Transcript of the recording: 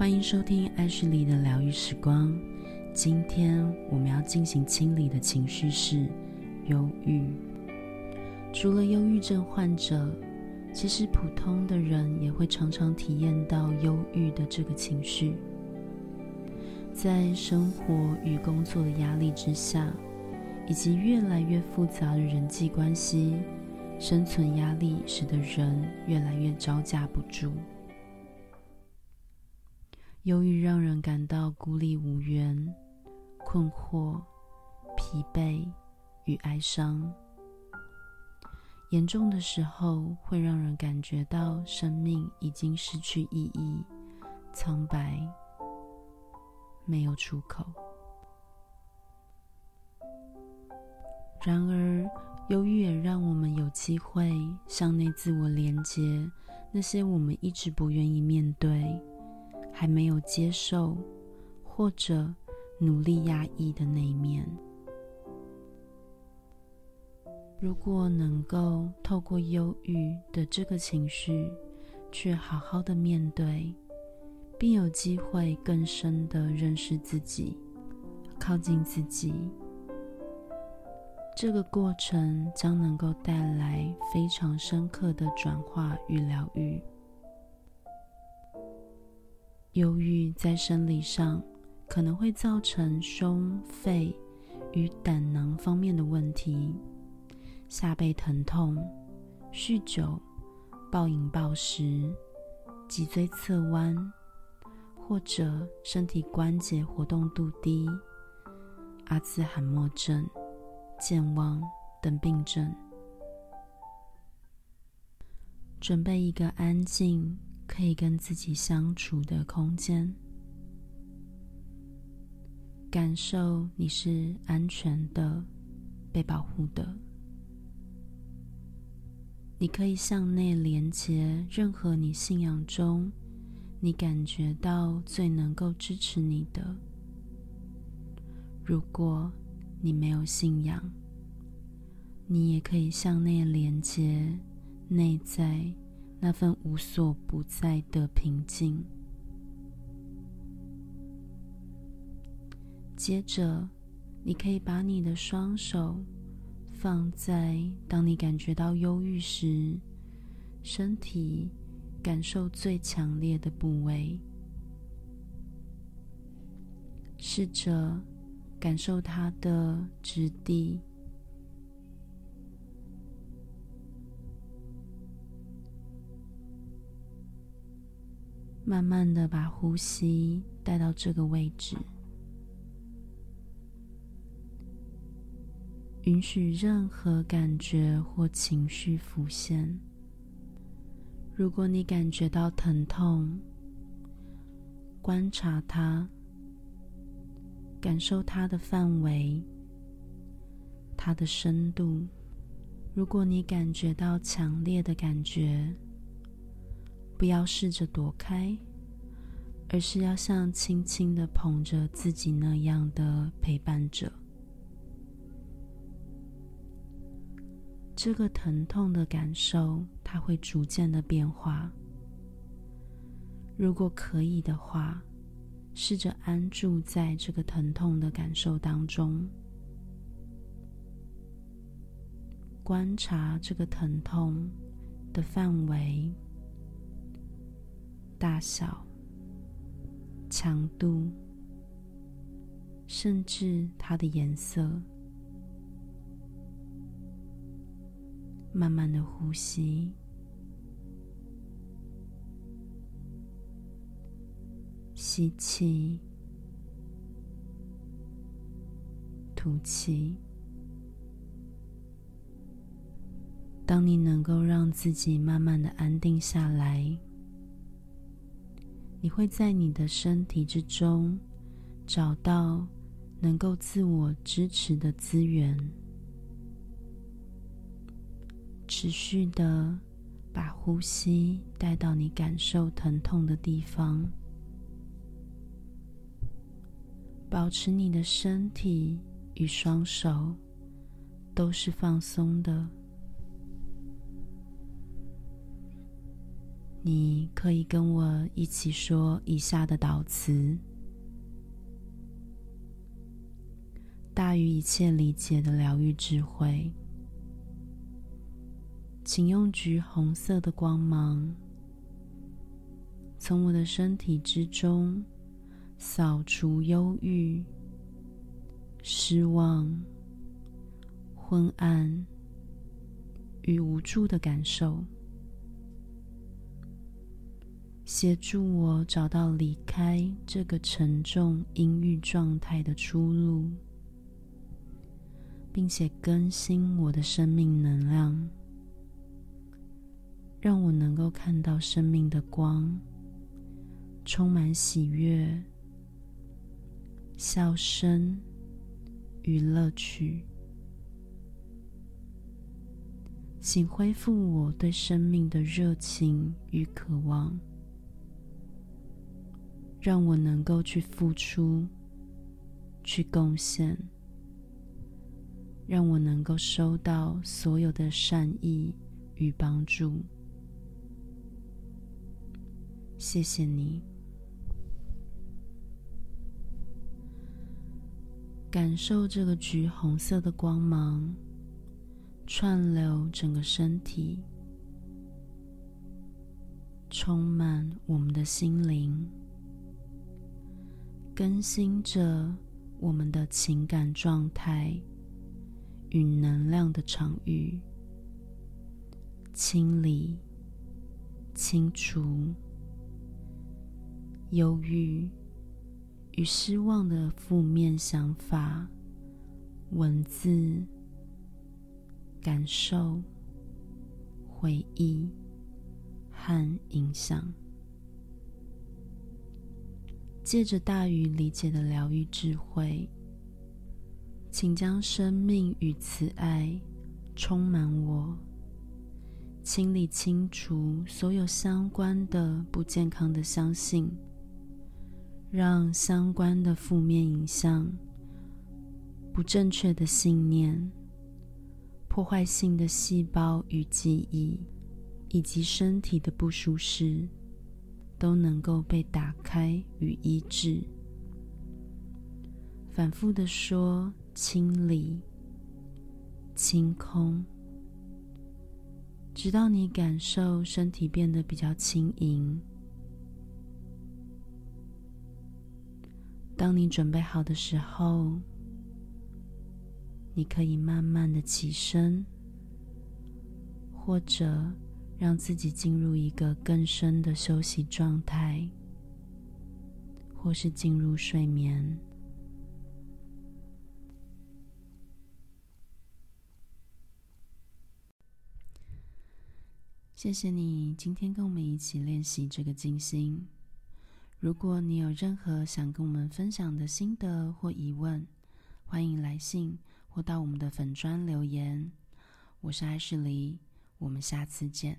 歡迎收聽愛旭黎的療癒時光。今天我們要進行清理的情緒是憂鬱。除了憂鬱症患者，其實普通的人也會常常體驗到憂鬱的這個情緒。在生活與工作的壓力之下，以及越來越複雜的人際關係、生存壓力，使得人越來越招架不住。憂鬱讓人感到孤立無援、困惑、疲憊與哀傷，嚴重的時候會讓人感覺到生命已經失去意義、蒼白，沒有出口。然而，憂鬱也讓我們有機會向內自我連結，那些我們一直不願意面對。還沒有接受，或者努力壓抑的那一面。如果能夠透過憂鬱的這個情緒，去好好的面對，並有機會更深的認識自己、靠近自己，這個過程將能夠帶來非常深刻的轉化與療癒。憂鬱在生理上可能會造成胸肺與膽囊方面的問題，下背疼痛、酗酒、暴飲暴食、脊椎側彎，或者身體關節活動度低、阿茲海默症、健忘等病症，準備一個安靜，可以跟自己相處的空間，感受你是安全的、被保護的。你可以向內連接任何你信仰中，你感覺到最能夠支持你的。如果你沒有信仰，你也可以向內連接內在。那份無所不在的平靜。接着，你可以把你的雙手放在當你感覺到憂鬱時，身體感受最強烈的部位，試着感受它的質地。慢慢地把呼吸帶到這個位置，允許任何感覺或情緒浮現。如果你感覺到疼痛，觀察它，感受它的範圍、它的深度。如果你感覺到強烈的感覺，不要試着躲開，而是要像輕輕的捧着自己那樣的陪伴着。這個疼痛的感受，它會逐漸的變化。如果可以的話，試着安住在這個疼痛的感受當中，觀察這個疼痛的範圍。大小、強度，甚至它的顏色，慢慢的呼吸，吸氣，吐氣。當你能夠讓自己慢慢的安定下來。你會在你的身體之中找到能夠自我支持的資源，持續地把呼吸帶到你感受疼痛的地方，保持你的身體與雙手都是放鬆的。你可以跟我一起說以下的導詞：大於一切理解的療癒智慧，請用橘紅色的光芒，從我的身體之中掃除憂鬱、失望、昏暗與無助的感受。協助我找到離開這個沉重陰鬱狀態的出路，並且更新我的生命能量，讓我能夠看到生命的光，充滿喜悅、笑聲與樂趣。請恢復我對生命的熱情與渴望。讓我能夠去付出、去貢獻，讓我能夠收到所有的善意與幫助。謝謝你，感受這個橘紅色的光芒，串流整個身體，充滿我們的心靈。更新着我們的情感狀態與能量的場域，清理、清除憂鬱與失望的負面想法、文字、感受、回憶和影響。借着大於理解的療癒智慧，請將生命與慈愛充滿我，清理、清除所有相關的不健康的相信，讓相關的負面影像、不正確的信念、破壞性的細胞與記憶，以及身體的不舒適，都能夠被打開與醫治。反覆地說清理、清空，直到你感受身體變得比較輕盈。當你準備好的時候，你可以慢慢地起身，或者。讓自己進入一個更深的休息狀態，或是進入睡眠。謝謝你今天跟我們一起練習這個靜心。如果你有任何想跟我們分享的心得或疑問，歡迎來信或到我們的粉專留言。我是愛旭黎，我們下次見。